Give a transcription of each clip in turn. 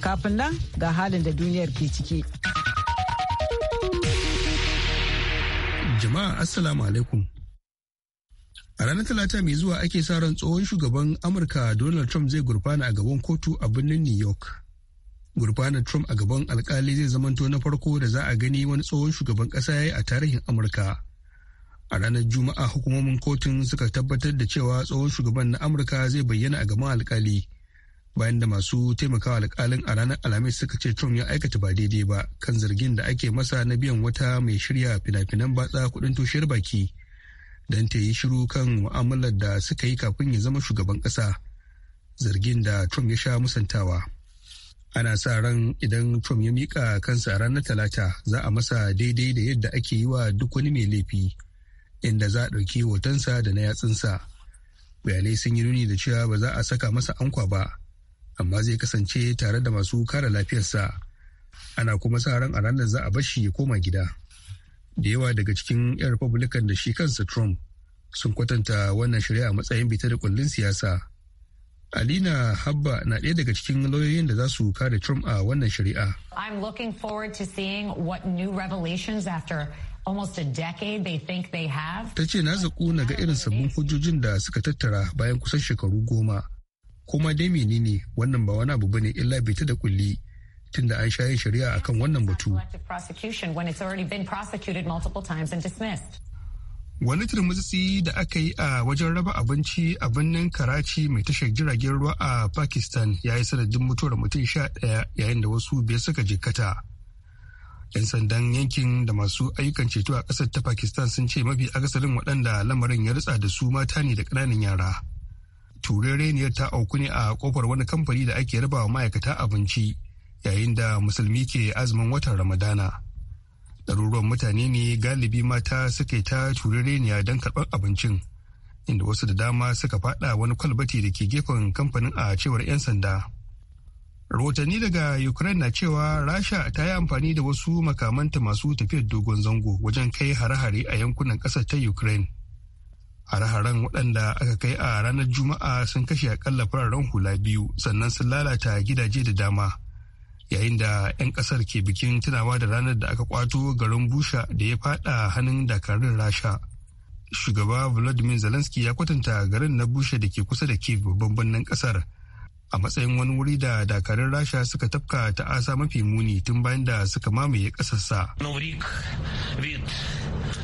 Kafin nan ga halin da duniyar ke ciki. Jama'a Assalamu alaikum. A ranar Talata mai zuwa ake sa ran tsohon shugaban Amurka Donald Trump zai gurfana a gaban kotu a birnin New York. Gurfanar Trump a gaban alkali zai zamanto na farko da za a gani wani tsohon shugaban ƙasa ya yi a tarihin Amurka. A ranar Juma'a hukumomin kotun suka tabbatar da cewa tsohon shugaban na Amurka zai bayyana a gaban alkali bayan da masu taimakawa alkalin a ranar alhamis suka ce trump ya aikata ba daidai ba kan zargin da ake masa na biyan wata mai shirya fina-finan batsa kudin toshiyar baki don ta yi shiru kan mu'amalar da suka yi kafin ya zama shugaban kasa zargin da trump ya sha musantawa ana sa ran idan trump ya mika kansa ranar talata za a masa daidai da yadda ake yi wa duk wani mai laifi inda za a ɗauki hotonsa da na yatsunsa bayanai sun yi nuni da cewa ba za a saka masa ankwa ba amma zai kasance tare da masu kare lafiyarsa ana kuma sa ran a ranar za a bashi ya koma gida da yawa daga cikin 'yan republican da shi kansa trump sun kwatanta wannan shari'a matsayin bita da kullun siyasa Alina Habba na ɗaya daga cikin lauyoyin da za su kare Trump a wannan shari'a. I'm looking forward to seeing what new revelations after almost a decade they think they have. Ta ce na zaƙu na ga irin sabbin hujjojin da suka tattara bayan kusan shekaru goma kuma dai menene wannan ba wani abu bane illa bai ta da kulli tunda an sha yin shari'a akan wannan batu. Wani turmutsi da aka yi a wajen raba abinci a birnin Karachi mai tashar jiragen ruwa a Pakistan ya yi sanadin mutuwar mutum sha ɗaya yayin da wasu biyar suka jikkata. 'Yan sandan yankin da masu ayyukan ceto a ƙasar ta Pakistan sun ce mafi akasarin waɗanda lamarin ya rutsa da su mata ne da ƙananan yara. turereniyar ta auku ne a kofar wani kamfani da ake raba wa ma'aikata abinci yayin da musulmi ke azumin watan ramadana ɗaruruwan mutane ne galibi mata suke ta turereniya don karɓar abincin inda wasu da dama suka faɗa wani kwalbati da ke gefen kamfanin a cewar 'yan sanda rahotanni daga ukraine na cewa rasha ta yi amfani da wasu makamanta masu tafiyar dogon zango wajen kai hare-hare a yankunan ƙasar ta ukraine hare-haren waɗanda aka kai a ranar juma'a sun kashe akalla fararen hula biyu sannan sun lalata gidaje da dama yayin da 'yan ƙasar ke bikin tunawa da ranar da aka kwato garin busha da ya fada hannun dakarun rasha shugaba vladimir zelensky ya kwatanta garin na busha da ke kusa da ke babban birnin ƙasar a matsayin wani wuri da dakarun rasha suka tafka ta asa mafi muni tun bayan da suka mamaye ƙasarsa.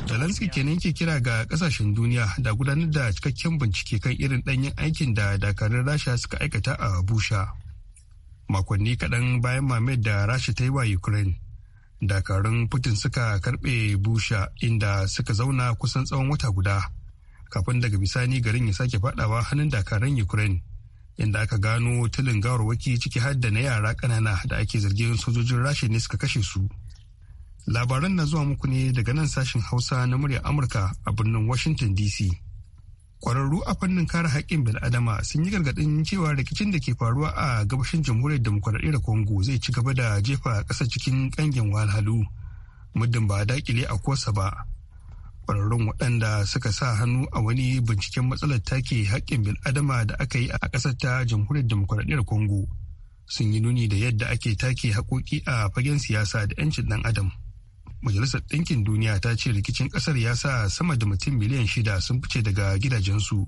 Zelensky kenan ke kira ga kasashen duniya da gudanar da cikakken bincike kan irin ɗanyen aikin da dakarun rasha suka aikata a busha. Makonni kaɗan bayan mamayar da rasha ta yi wa Ukraine, dakarun Putin suka karɓe busha inda suka zauna kusan tsawon wata guda, kafin daga bisani garin ya sake faɗawa hannun dakarun Ukraine. inda aka gano tilin gawarwaki ciki har da na yara kanana da ake zargin sojojin rashin ne suka kashe su labaran na zuwa muku ne daga nan sashen hausa na muryar amurka a birnin washington dc kwararru a fannin kare haƙƙin bil'adama sun yi gargaɗin cewa rikicin da ke faruwa a gabashin jamhuriyar demokuraɗiyyar congo zai ci gaba da jefa ƙasa cikin ƙangin wahalhalu muddin ba a dakile a kosa ba kwararrun waɗanda suka sa hannu a wani binciken matsalar take haƙƙin bil'adama da aka yi a ƙasar ta jamhuriyar demokuraɗiyyar congo sun yi nuni da yadda ake take haƙoƙi a fagen siyasa da 'yancin ɗan adam majalisar ɗinkin duniya ta ce rikicin ƙasar ya sa sama da mutum miliyan shida sun fice daga gidajensu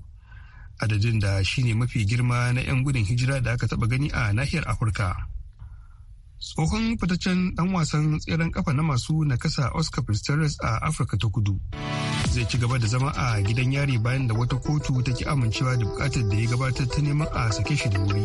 adadin da shine mafi girma na 'yan gudun hijira da aka taɓa gani a nahiyar afirka tsohon fitaccen dan wasan tseren kafa na masu nakasa oscar pistorius a afirka ta kudu zai ci gaba da zama a gidan yari bayan da wata kotu ta ki amincewa da bukatar da ya gabatar ta neman a sake shi da wuri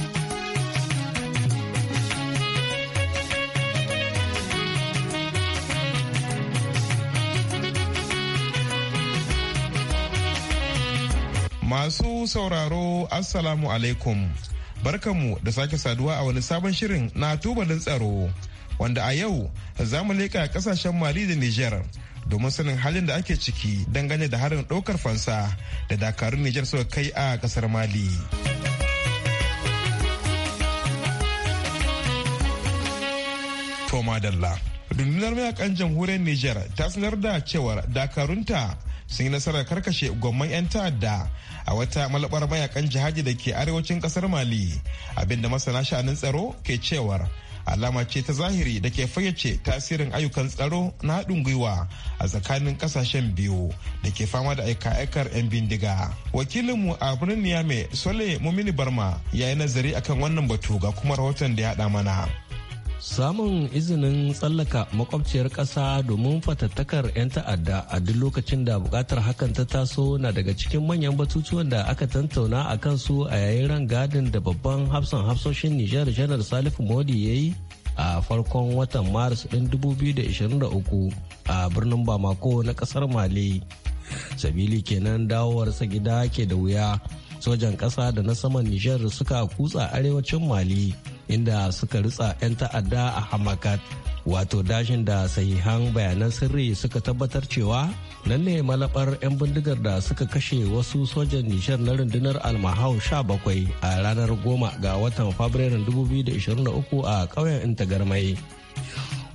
Masu sauraro Assalamu alaikum. Barkanmu da sake saduwa a wani sabon shirin na tubalin tsaro wanda a yau za mu leƙa kasashen Mali da Nijar domin sanin halin da ake ciki dangane da harin ɗaukar fansa da dakarun Nijar suka kai a ƙasar Mali. Toma Dalla. Rundunar mayakan jamhuriyar Nijar ta sanar da cewar dakarunta sun yi nasarar karkashe gwamman 'yan ta'adda a wata malabar mayakan jihadi da ke arewacin kasar mali abinda masana sha'anin tsaro ke cewar alama ce ta zahiri da ke fayyace tasirin ayyukan tsaro na haɗin gwiwa a tsakanin ƙasashen biyu da ke fama da aika-aikar 'yan bindiga. Wakilinmu a birnin Niamey Sole Mumini Barma ya yi nazari akan wannan batu ga kuma rahoton da ya haɗa mana. Samun izinin tsallaka makwabciyar ƙasa domin fatattakar 'yan ta'adda a duk lokacin da buƙatar hakan ta taso na daga cikin manyan batutuwan da aka tantauna a kansu a yayin rangadin da babban hafsan hafsoshin Nijar Janar Salifu Modi ya yi a farkon watan Maris ɗin 2023 a birnin Bamako na ƙasar Mali. Sabili kenan dawowarsa gida ke da wuya. Sojan ƙasa da na saman Nijar suka kutsa arewacin Mali. inda suka ritsa 'yan ta'adda a hamakat wato dashin da sahihan bayanan sirri suka tabbatar cewa nan ne malabar 'yan bindigar da suka kashe wasu sojan nishar na rundunar almahau 17 a ranar 10 ga watan fabrairun 2023 a ƙauyen mai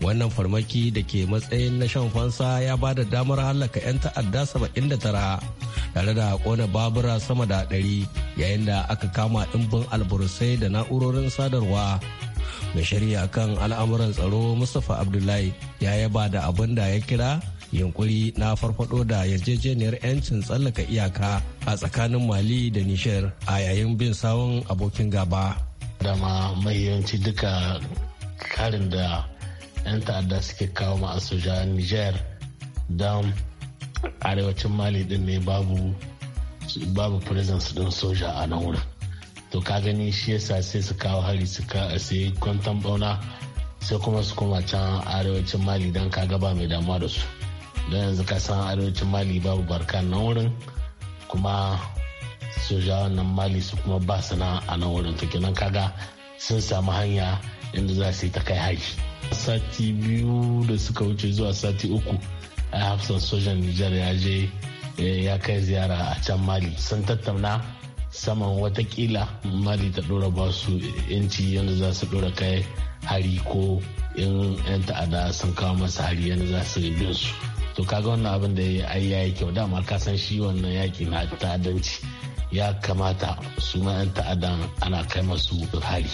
wannan farmaki da ke matsayin na shan fansa ya ba da damar hallaka 'yan ta'adda 79 tare da kona babura sama da 100 yayin da aka kama ɗimbin alburusai da na'urorin sadarwa mai shari'a kan al'amuran tsaro mustapha abdullahi ya yaba da abin da ya kira yunkuri na farfado da yarjejeniyar 'yancin tsallaka iyaka a tsakanin mali da nishir a yayin bin sawun abokin gaba dama yawanci duka karin da 'yan ta'adda suke kawo ma soja Nijar, don arewacin mali din ne babu babu presence din soja a nan wurin to ka gani shi yasa sai su kawo hari su sai kwantan bauna sai kuma su koma can arewacin mali don ka gaba mai damuwa da su don yanzu ka san arewacin mali babu barka nan wurin kuma soja wannan mali su kuma ba su a nan wurin to kenan kaga sun samu hanya inda za su yi ta kai haji sati biyu da suka wuce zuwa sati uku a hafsan sojan nijar ya je eh, ya kai ziyara a can mali sun tattauna saman watakila mali ta dora ba su yanci yadda za su dora kai hari ko in 'yan ta'ada sun kawo masa hari yadda za su bin su to kaga wannan abin da ya yi kyau dama ka san shi wannan yaki na ta'addanci ya kamata su ma 'yan ta'adan ana kai masu hari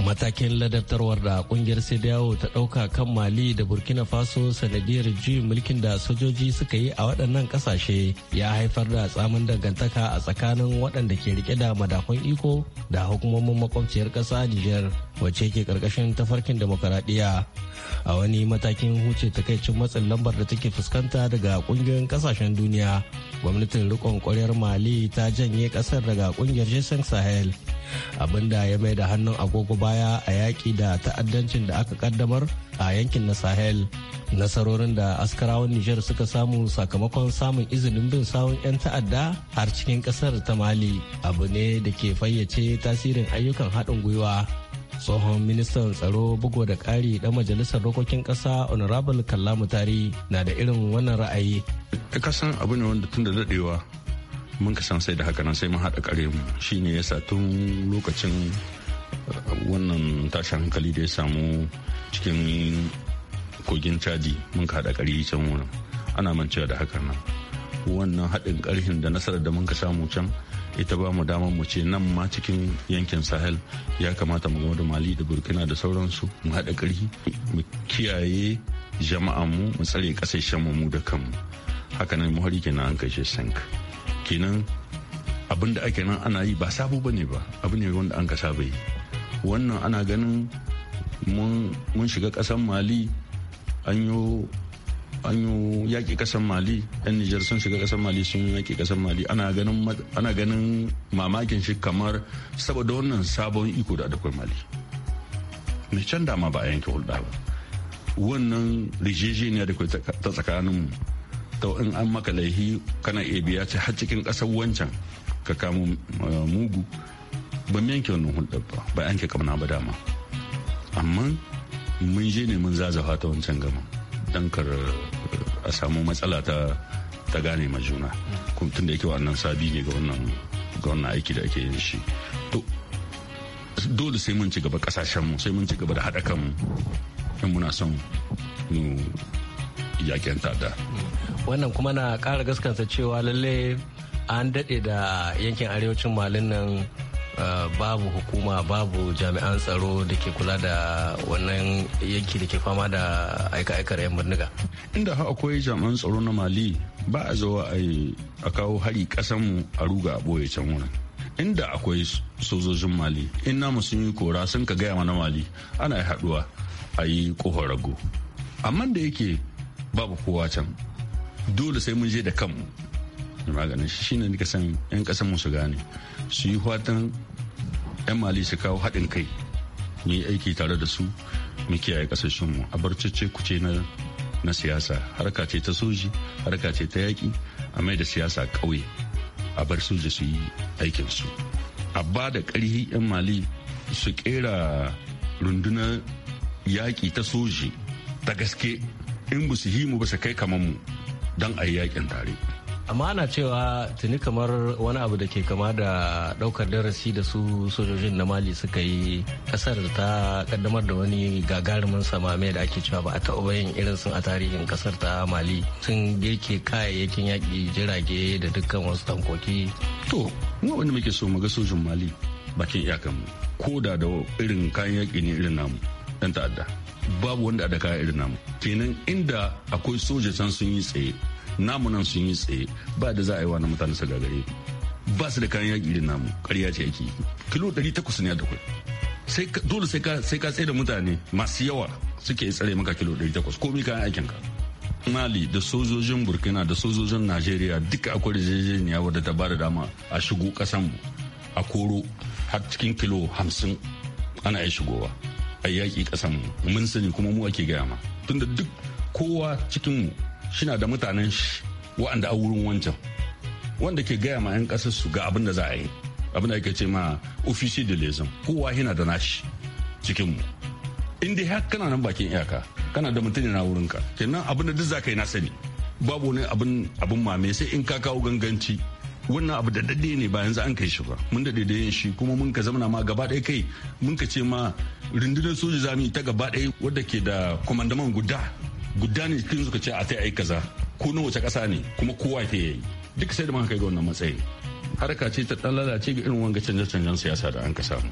matakin ladabtarwar da kungiyar sediyawo ta dauka kan mali da burkina faso sanadiyar juyin mulkin da sojoji suka yi a waɗannan ƙasashe ya haifar da tsamin dangantaka a tsakanin waɗanda ke rike da madafun iko da hukumomin makwabciyar ƙasa niger wacce ke ƙarƙashin tafarkin demokaradiyya a wani matakin huce takaicin matsin lambar da take fuskanta daga ƙungiyoyin ƙasashen duniya gwamnatin rikon kwarar mali ta janye kasar daga kungiyar jason sahel abinda ya mai da hannun agogo baya a yaƙi da ta'addancin da aka kaddamar a yankin na sahel nasarorin da askarawan nijar suka samu sakamakon samun izinin bin sawun 'yan ta'adda har cikin kasar ta mali abu ne da ke fayyace tasirin ayyukan haɗin gwiwa tsohon ministan tsaro bugu da ƙari ɗan majalisar dokokin ƙasa honorable kallamu tari na da irin wannan ra'ayi kasan abu ne wanda tun da daɗewa mun ka san sai da haka nan sai mun haɗa kare mu shine yasa tun lokacin uh, wannan tashin hankali da ya samu cikin kogin caji mun ka haɗa kare can wurin ana mancewa da haka nan wannan haɗin ƙarhin da nasarar da mun ka samu can ita ba mu damar mu ce nan ma cikin yankin sahel ya kamata mu gama da mali da burkina da sauransu mu haɗa ƙarfi mu kiyaye jama'anmu mu tsare ƙasashenmu mu da kanmu hakanan muhari kenan an kashe sank kenan abin da ake nan ana yi ba sabo ba ne ba abu ne wanda an ka saba yi wannan ana ganin mun shiga ƙasan mali an yi an yi yaƙi ƙasar mali yan nijar sun shiga ƙasar mali sun yi yaƙi ƙasar mali ana ganin mamakin shi kamar saboda wannan sabon iko da adakwai mali mai can dama ba a yanke hulɗa ba wannan rijijiniya da ta tsakanin mu in an maka laihi kana iya biya ce har cikin ƙasar wancan ka kamo eh, mugu ban yanke wannan hulɗar ba ba yanke kamna ba dama amma mun je ne mun zazafa ta wancan gama dan kar eh, a samu matsala ta ta gane ma juna tun da yake wannan sabi ne ga wannan aiki da ake yin shi to dole sai mun ci gaba kasashen sai mun ci gaba da haɗa kanmu in muna son mu yakin wannan kuma na ƙara gaskanta cewa lalle an daɗe da yankin arewacin malin nan Eh, babu hukuma babu jami'an tsaro da ke kula da wannan yanki da ke fama da aika-aikar 'yan birniga. Inda ha akwai jami'an tsaro na Mali ba a zawa a kawo hari kasanmu a ruga a ɓoye can wurin. Inda akwai sojojin Mali, in namu sun yi kora sun ka gaya mana Mali ana haduwa a yi kofar rago. Amma da yake babu kowa can, dole sai mun je da kanmu. maganin shi shine nika san 'yan ƙasar mu su gane su yi fatan 'yan mali su kawo haɗin kai mu yi aiki tare da su mu kiyaye mu a barcece kuce na na siyasa harka ce ta soji harka ce ta yaƙi a mai da siyasa ƙauye a bar soja su yi aikinsu a ba da ƙarfi 'yan mali su ƙera rundunar yaƙi ta soji ta gaske in ba su yi mu ba su kai kamar mu don a yi yaƙin tare amma ana cewa tuni kamar wani abu da ke kama da daukar darasi da su sojojin na mali suka yi kasar ta kaddamar da wani gagarumin samame da ake cewa ba a taɓa yin irin sun a tarihin kasar ta mali sun girke kayayyakin yaƙi jirage da dukkan wasu tankoki to mu wanda muke so mu ga sojin mali bakin iyakan mu ko da da irin kayan yaƙi ne irin namu dan ta'adda babu wanda da kayan irin namu kenan inda akwai sojojin sun yi tsaye namu nan sun yi tsaye ba da za a yi na mutane su gagare ba su da kayan yaƙi da namu ƙarya ce yake kilo 800 ne da kwai dole sai ka tsaye da mutane masu yawa suke tsare maka kilo 800 mi kayan aikin ka mali da sojojin burkina da sojojin najeriya duka akwai yarjejeniya wadda ta bada dama a shigo kasan a koro har cikin kilo 50 ana iya shigowa a yaƙi kasan mun sani kuma mu ake gaya ma tunda duk kowa cikin mu shina da mutanen shi wa'anda a wurin wancan wanda ke gaya ma 'yan kasar su ga abin da za a yi abin da ake ce ma ofisi da lezon kowa yana da nashi cikinmu. in dai har kana nan bakin iyaka kana da mutum na wurinka kenan abin da duk za ka yi na sani babu wani abin abin mame sai in ka kawo ganganci wannan abu da daɗe ne bayan za an kai shi ba mun da yin shi kuma mun ka zamana ma gaba ɗaya kai mun ka ce ma rundunar soja zami ta gaba ɗaya wadda ke da kwamandaman guda guda ne cikin suka ce a ta yi kaza ko na wace kasa ne kuma kowa ke yi duk sai da muka kai ga wannan matsayi harka ce ta dan lalace ga irin wanga canje canjen siyasa da an ka samu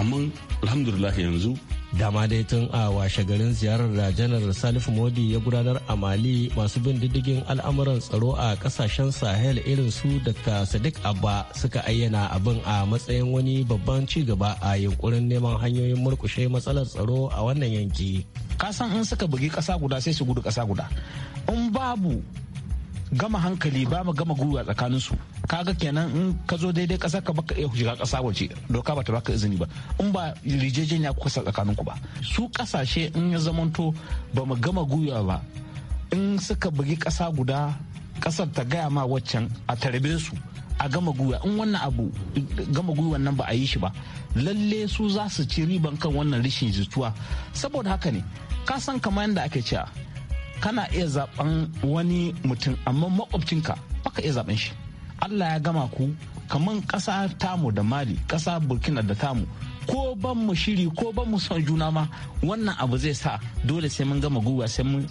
amma alhamdulillah yanzu dama dai tun a washe garin ziyarar da janar salifu modi ya gudanar a mali masu bin diddigin al'amuran tsaro a kasashen sahel irin su daga sadiq abba suka ayyana abin a matsayin wani babban ci gaba a yunkurin neman hanyoyin murkushe matsalar tsaro a wannan yanki kasan an suka bugi kasa guda sai su gudu kasa guda in babu gama hankali ba mu gama gwiwa su. kaga kenan in ka zo daidai kasar ka baka iya shiga kasa waje doka ba ta baka izini ba in ba rijejeniya kuka sa tsakanin ku ba su kasashe in ya zamanto ba mu gama gwiwa ba in suka bugi kasa guda kasar ta gaya ma waccan a tarbe su a gama gwiwa in wannan abu gama gwiwan nan ba a yi shi ba lalle su za su ci riban kan wannan rishin jituwa saboda haka ne ka san kamar yadda ake cewa kana iya zaben wani mutum amma makwabcinka baka iya zaben shi allah ya gama ku kamar ƙasa tamu da mali ƙasa burkina da tamu ko ban mu shiri ko ban mu son juna ma wannan abu zai sa dole sai mun gama guba sai mun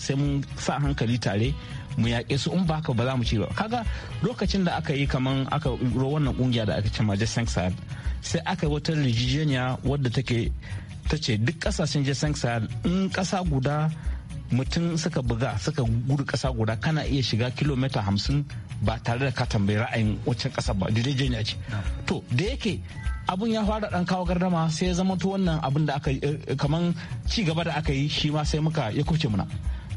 sa hankali tare mu yaƙe su in ba ka ba za mu ci ba kaga lokacin da aka yi kamar aka ro wannan kungiya da aka ce majestic sahel sai aka yi wata rijijeniya wadda take ta ce duk kasashen jason sahel in kasa guda mutum suka buga suka gudu ƙasa guda kana iya shiga kilomita hamsin ba tare da ka tambayi ra'ayin waccan ƙasar ba yarjejeniya ce to da yake abun ya fara dan kawo gardama sai ya zama to wannan abun da aka eh, eh, kaman ci gaba da aka yi shi ma sai muka ya kuce muna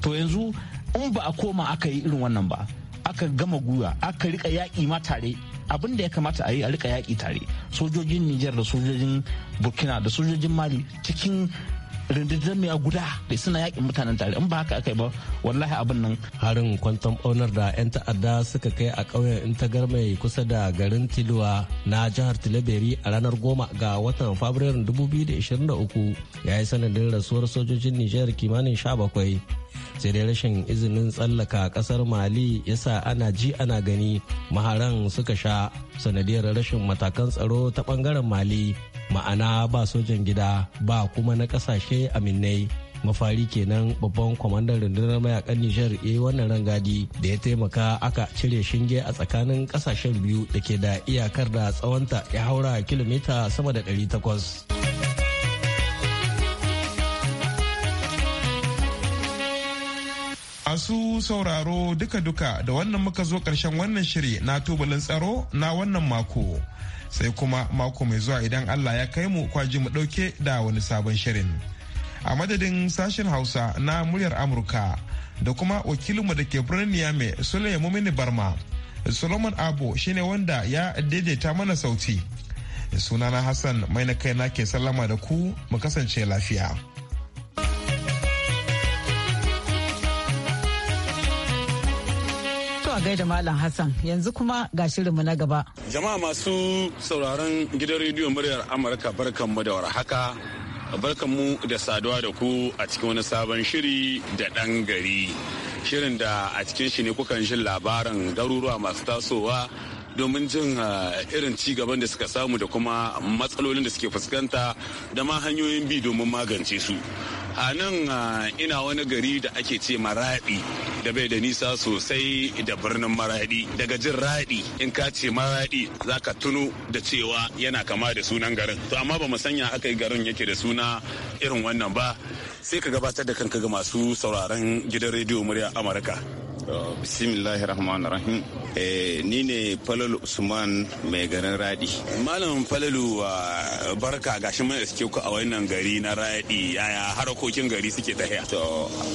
to yanzu in ba a koma aka yi irin wannan ba aka gama guya aka rika yaƙi ma tare abin da ya kamata a yi a rika yaƙi tare sojojin Nijar da sojojin Burkina da sojojin Mali cikin rundunar a guda da suna yakin mutanen tare in ba haka aka yi ba wallahi abin nan harin kwantan ɓaunar da 'yan ta'adda suka kai a ƙauyen intagar mai kusa da garin tiluwa na jihar tilaberi a ranar goma ga watan fabrairun 2023 ya yi sanadin rasuwar sojojin nijar kimanin 17 sai dai rashin izinin tsallaka kasar mali ya sa ana ji ana gani maharan suka sha sanadiyar rashin matakan tsaro ta bangaren mali ma'ana ba sojan gida ba kuma na kasashe aminai mafari kenan babban kwamandan rundunar mayakan nijar ya yi wannan rangadi da ya taimaka aka cire shinge a tsakanin kasashen biyu da ke da iyakar da tsawonta ya haura kilomita sama da 800 Masu sauraro duka-duka da wannan muka zo karshen wannan shiri na tubalin tsaro na wannan mako. Sai kuma mako mai zuwa idan Allah ya kai mu kwaji mu dauke da wani sabon shirin. A madadin sashen Hausa na muryar Amurka da kuma wakilinmu da ke birnin Niamey Suleiman Mumini Barma. Solomon abu shine wanda ya daidaita mana sauti. Sunana Hassan mai na kai na ke sallama da ku mu kasance lafiya. a gaida Malam Hassan yanzu kuma ga shirinmu na gaba. Jama'a masu sauraron gidan rediyon muryar Amurka barkan mu da warhaka. mu da saduwa da ku a cikin wani sabon shiri da ɗan gari. Shirin da a cikin shi ne kukan jin labaran garuruwa masu tasowa domin jin eh, irin ci gaban da suka samu da kuma matsalolin da suke fuskanta da ma hanyoyin bi domin magance su. a nan ina wani gari da ake ce maraɗi da bai da nisa sosai da birnin maraɗi daga jin raɗi in ka ce maraɗi za ka tuno da cewa yana kama da sunan garin to amma ba sanya aka yi garin yake da suna irin wannan ba sai ka gabatar da kanka ga masu sauraron gidan rediyo murya amurka bismillahi rahmanir rahim eh, ni ne falalu usman mai garin radi malam falalu barka gashi mun iske ku a wannan gari na radi yaya harakokin gari suke tafiya to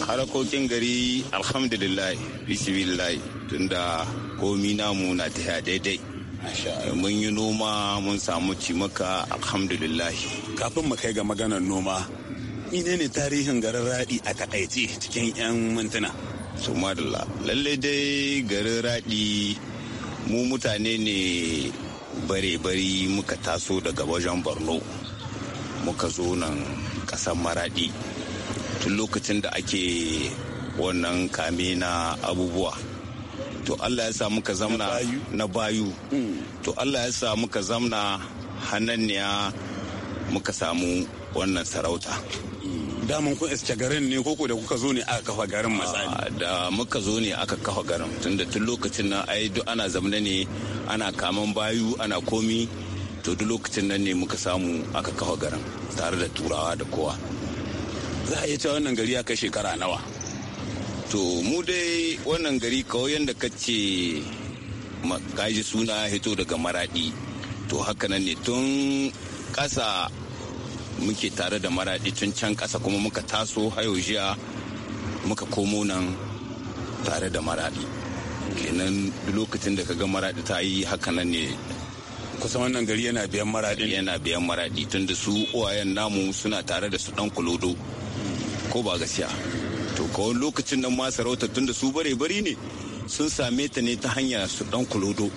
harakokin gari alhamdulillah bismillah tunda komi namu na tafiya daidai mun yi noma mun samu cimaka alhamdulillah kafin mu kai ga maganar noma ne tarihin garin raɗi a takaice cikin 'yan mintuna su madalla lallai dai garin raɗi mu mutane ne bare-bari muka taso daga wajen borno muka zo nan ƙasar maraɗi tun lokacin da ake wannan kame na abubuwa to allah ya sa muka zamna na bayu hmm. to allah ya sa muka zamna hananniya muka samu wannan sarauta daman ku iske garin ne koko da kuka zo ne aka kafa garin misali ah, da muka zo ne aka kafa garin tunda tun lokacin nan ai duk ana zamna ne ana kaman bayu ana komi to duk lokacin nan ne muka samu aka kafa garin tare da turawa da kowa za a yi ta wannan gari ya shekara nawa to mu dai wannan gari kawai yadda ka ce kaji suna hito daga maradi to haka nan ne tun kasa muke tare da maraɗi tun can ƙasa kuma muka taso hayo jiya muka komo nan tare da maraɗi kenan lokacin da kaga maraɗi ta yi haka nan ne kusan wannan gari yana biyan maraɗi. yana biyan maraɗi tun da su uwayen namu suna tare da su dan kulodo ko ba gaskiya to kawai lokacin nan ma sarauta tun da su bare bari ne sun same ta ne ta hanya su dan kulodo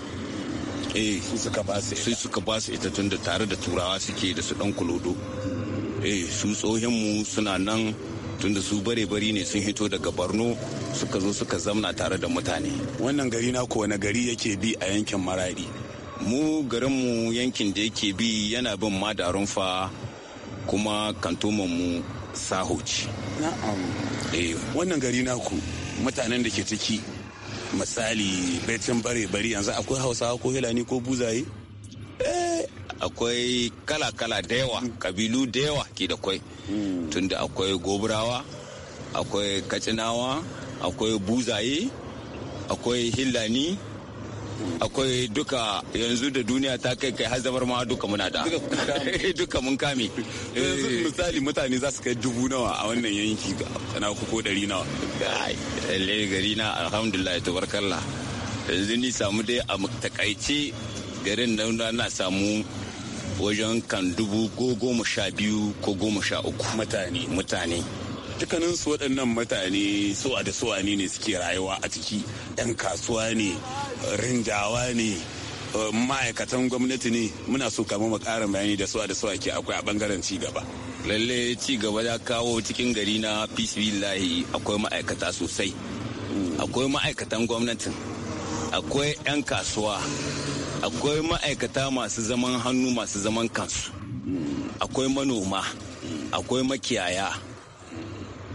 eh su suka ba su ita tun da tare da turawa suke da su dan kulodo eh su tsohinmu suna nan tunda su bare-bari ne sun hito daga borno suka zo suka zamna tare da mutane wannan gari na wani gari yake bi a yankin maradi mu garinmu yankin da yake bi yana bin madarun rumfa kuma kantomanmu sahoci eh. wannan gari ku mutanen da ke ciki misali baitin bare-bari yanzu akwai hausawa ko hilani ko buzaye akwai kala-kala da yawa kabilu da yawa ke da kwai hmm. tunda akwai gobrawa akwai kacinawa akwai buzaye akwai hillani akwai duka yanzu da duniya ta kai kai hazamar ma duka muna da duka mun kame yanzu eh. misali mutane za su kai dubu nawa a wannan yanki na ko dari nawa lalle gari na alhamdulillah tabarkallah yanzu ni samu dai a takaice garin na na samu wajen kan dubu ko goma sha biyu ko goma sha uku mutane mutane dukkanin su waɗannan mutane suwa da suwa ne ne suke rayuwa a ciki ɗan kasuwa ne rinjawa ne eh, ma'aikatan gwamnati ne muna so kama mu ƙarin bayani da suwa da suwa ke akwai a ɓangaren ci gaba lalle ci gaba ya kawo cikin gari na lahi akwai ma'aikata sosai akwai ma'aikatan gwamnatin akwai 'yan kasuwa akwai ma'aikata masu zaman hannu masu zaman kansu akwai manoma akwai makiyaya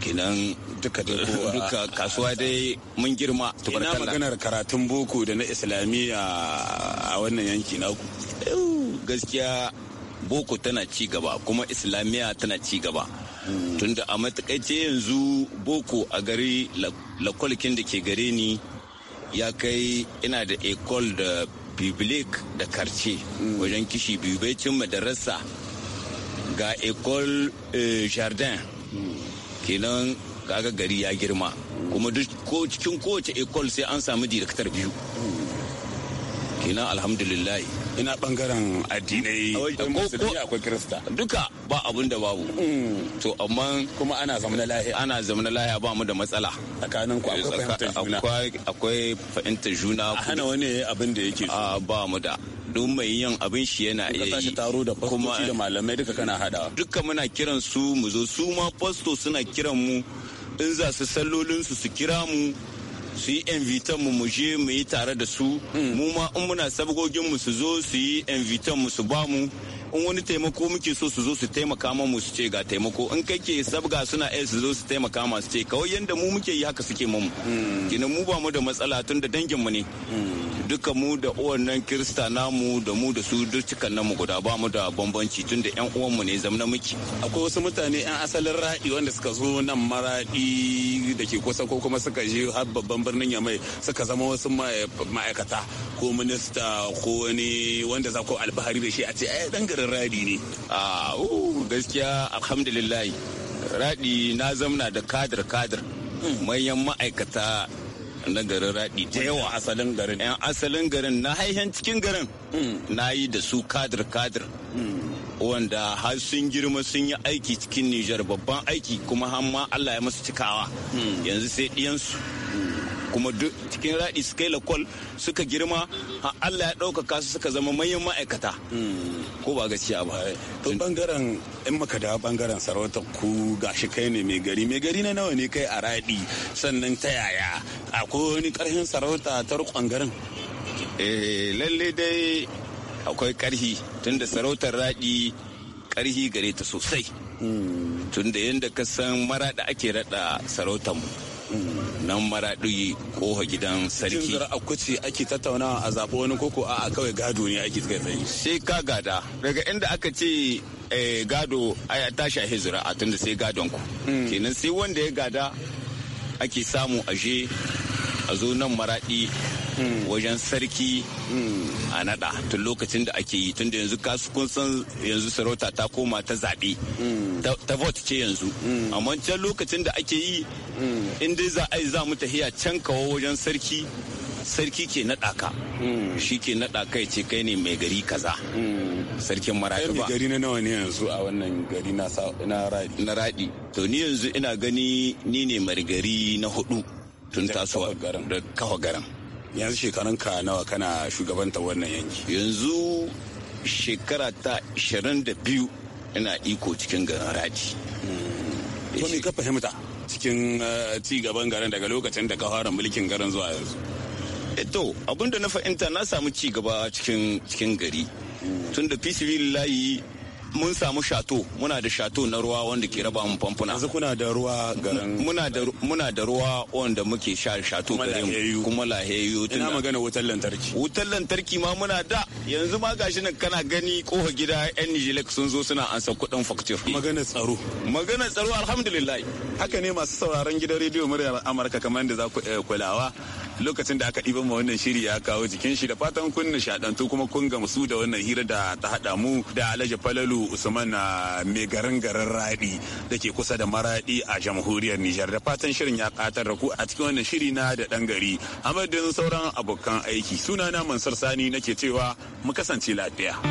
kinan duka duka kasuwa dai mun girma ina maganar karatun boko da na islamiyya a wannan yanki naku gaskiya boko tana ci gaba kuma islamiyya tana ci gaba tunda a matakaice yanzu boko a gari lakwalkin da ke gare ni ya kai ina da ekol da biblik da karce wajen kishi biyu madarasa ga ecole eh, jardin kenan kaga gari ya girma kuma duk cikin kowace ecole sai an samu direktar biyu kenan alhamdulillah ina bangaren addinai akwai kirista duka ba abun da babu mm. to amma kuma ana zamana lahiya ana zamana lahiya ba mu da matsala tsakanin ku akwai fahimtar juna akwai fahimtar juna hana wani abin da yake ba mu da duk mai yin abin shi yana iya yi taro da fasfoci da malamai duka kana hada duka muna kiran su mu zo su ma fasto suna kiran mu in za su sallolin su su kira mu su yi invitan mu je mu yi tare da su mm. mu ma in muna sabgogin mu su zo su yi invitan mu su ba mu in wani taimako muke so su zo su taimaka mu su ce ga taimako in kai ke sabga suna iya su zo su taimaka ma su ce kawai yanda mu muke yi haka suke mamu. gina hmm. mu ba mu da matsala tun da dangin mu ne. Hmm. duka mu da uwannan kirista namu da mu da su dukkan namu guda ba mu da bambanci tun da yan uwanmu ne zamna muke akwai wasu mutane yan asalin raɗi wanda suka zo nan maraɗi da ke kusa ko kuma suka je har babban birnin yamai suka zama wasu ma'aikata ko minista ko wani wanda za ko alfahari da shi a ce ai dan garin raɗi ne a uh, gaskiya alhamdulillah raɗi na zamna da kadir kadir hmm. manyan ma'aikata na garin raɗi da yawa asalin garin yan asalin garin na haihen cikin garin hmm. na yi da su kadir kadir hmm. wanda har sun girma sun yi aiki cikin nijar babban aiki kuma har ma allah ya masu cikawa hmm. yanzu sai ɗiyansu kuma duk cikin raɗi suka yi lakwal suka girma Allah ya ɗaukaka su suka zama manyan ma'aikata ko ba gaskiya ba to bangaren in maka da bangaren sarauta ku gashi kai ne mai gari mai gari na nawa ne kai a raɗi sannan ta yaya akwai wani ƙarfin sarauta ta rukon garin eh lalle dai akwai ƙarfi tunda sarautar raɗi ƙarfi gare ta sosai hmm. tunda yadda ka san mara da ake raɗa sarautar mu nan maraɗi koha gidan sarki shin a kuce ake tattaunawa a zaɓo wani koko a kawai gado ne ake kai tsaye sai ka gada daga inda aka ce eh, gado a tashi a hezura a tunda sai gadon ku hmm. kenan sai wanda ya gada ake samu aje a zo nan maraɗi Hmm. wajen sarki hmm. a nada tun lokacin da ake yi tun da yanzu kasu kun san yanzu sarauta ta koma ta zaɓe hmm. ta vote ce yanzu amma can lokacin da ake yi in dai za a yi za mu tahiya can kawo wajen sarki sarki ke naɗa ka shi ke naɗa kai ce kai ne mai gari kaza sarkin Maradu ba gari na nawa ne yanzu a wannan gari na raɗi to ni yanzu ina gani ni ne marigari na hudu tun tasowa da kawa garin. yanzu shekarun ka nawa kana shugabanta wannan yanki yanzu shekara ta 22 ina iko cikin garin raji to me ka fahimta cikin eh, ci gaban garin daga lokacin da ka fara mulkin garin zuwa yanzu eh, to abinda na fahimta na samu ci gaba cikin cikin gari hmm. Tunda da layi. mun samu shato muna da shato na ruwa wanda ke raba mu famfuna yanzu kuna da ruwa garin muna da ruwa wanda muke sha shato gare mu kuma laheyu ina magana wutar lantarki wutar lantarki ma muna da yanzu ma gashi nan kana gani kofa gida yan Nijilek sun zo suna ansa kudin facture magana tsaro magana tsaro alhamdulillah haka ne masu sauraron gidan rediyo muryar Amurka kamar da za ku eh, kulawa lokacin da aka ɗiba ma wannan shiri ya kawo jikin shi da fatan kun nishaɗantu kuma kun gamsu da wannan hira da ta haɗa mu da Alhaji Falalu Usman na ah, mai garin garin Raɗi da ke kusa da Maraɗi a jamhuriyar Nijar da fatan shirin ya ƙatar da ku a cikin wannan shiri na da ɗan gari amadin sauran abokan aiki sunana Mansur Sani nake cewa mu kasance lafiya.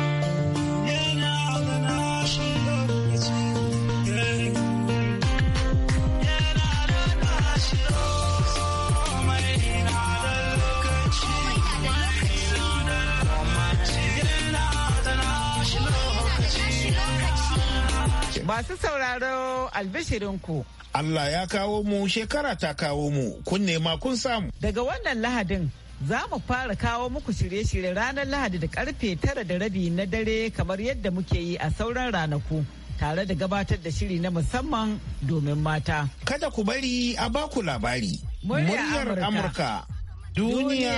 Masu sauraro albishirinku. Allah ya kawo mu shekara ta kawo mu kun nema kun samu. Daga wannan lahadin za mu fara kawo muku shirye-shirye ranar lahadi da karfe tara da rabi na dare kamar yadda muke yi a sauran ranaku. tare da gabatar da shiri na musamman domin mata. Kada ku bari a baku labari. Muryar Amurka. Duniya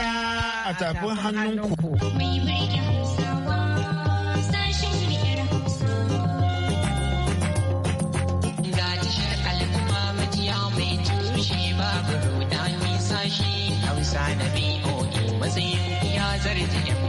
a tafin hannunku. Hausa na ni matsayin ya zarje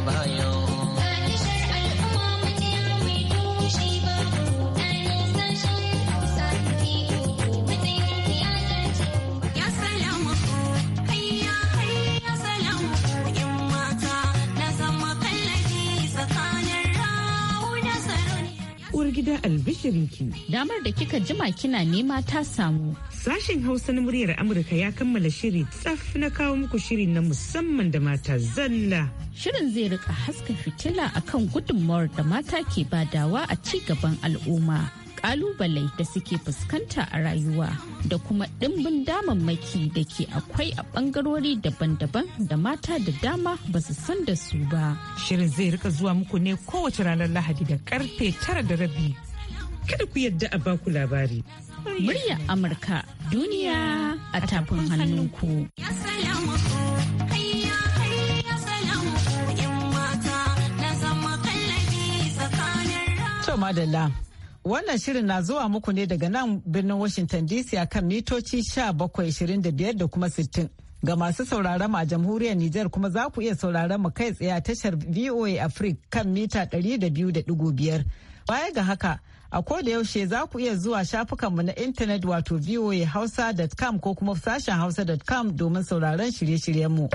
shirinki Damar da kika jima kina nema ta samu. Sashen Hausa na muryar Amurka ya kammala shiri tsaf na kawo muku shiri na musamman da mata zalla. Shirin zai rika haska fitila a kan gudunmawar da mata ke badawa a ci gaban al'umma. kalubale da suke fuskanta a rayuwa da kuma dimbin damammaki da ke akwai a bangarori daban-daban da mata da dama ba su san da su ba. Shirin zai rika zuwa muku ne kowace ranar Lahadi da karfe tara da rabi kada ku yadda a baku labari. Murya Amurka duniya a tafin hannunku. madalla wannan shirin na zuwa muku ne daga nan birnin washington dc a kan mitoci sha 1725 da kuma sittin. ga masu sauraron a jamhuriyar nijar kuma za ku iya sauraron mu kai tsaye a tashar voa africa kan mita 200.5 baya ga haka A ko da yaushe za ku iya zuwa shafukanmu na intanet wato hausa.com ko kuma sashen hausa.com domin sauraron shirye-shiryenmu.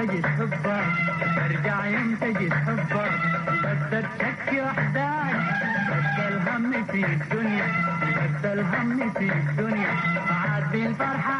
ينتجس حبك ارجع ينتجس حبك بدل شكي وحدك بدل هم في الدنيا بدل هم في الدنيا عاد الفرحه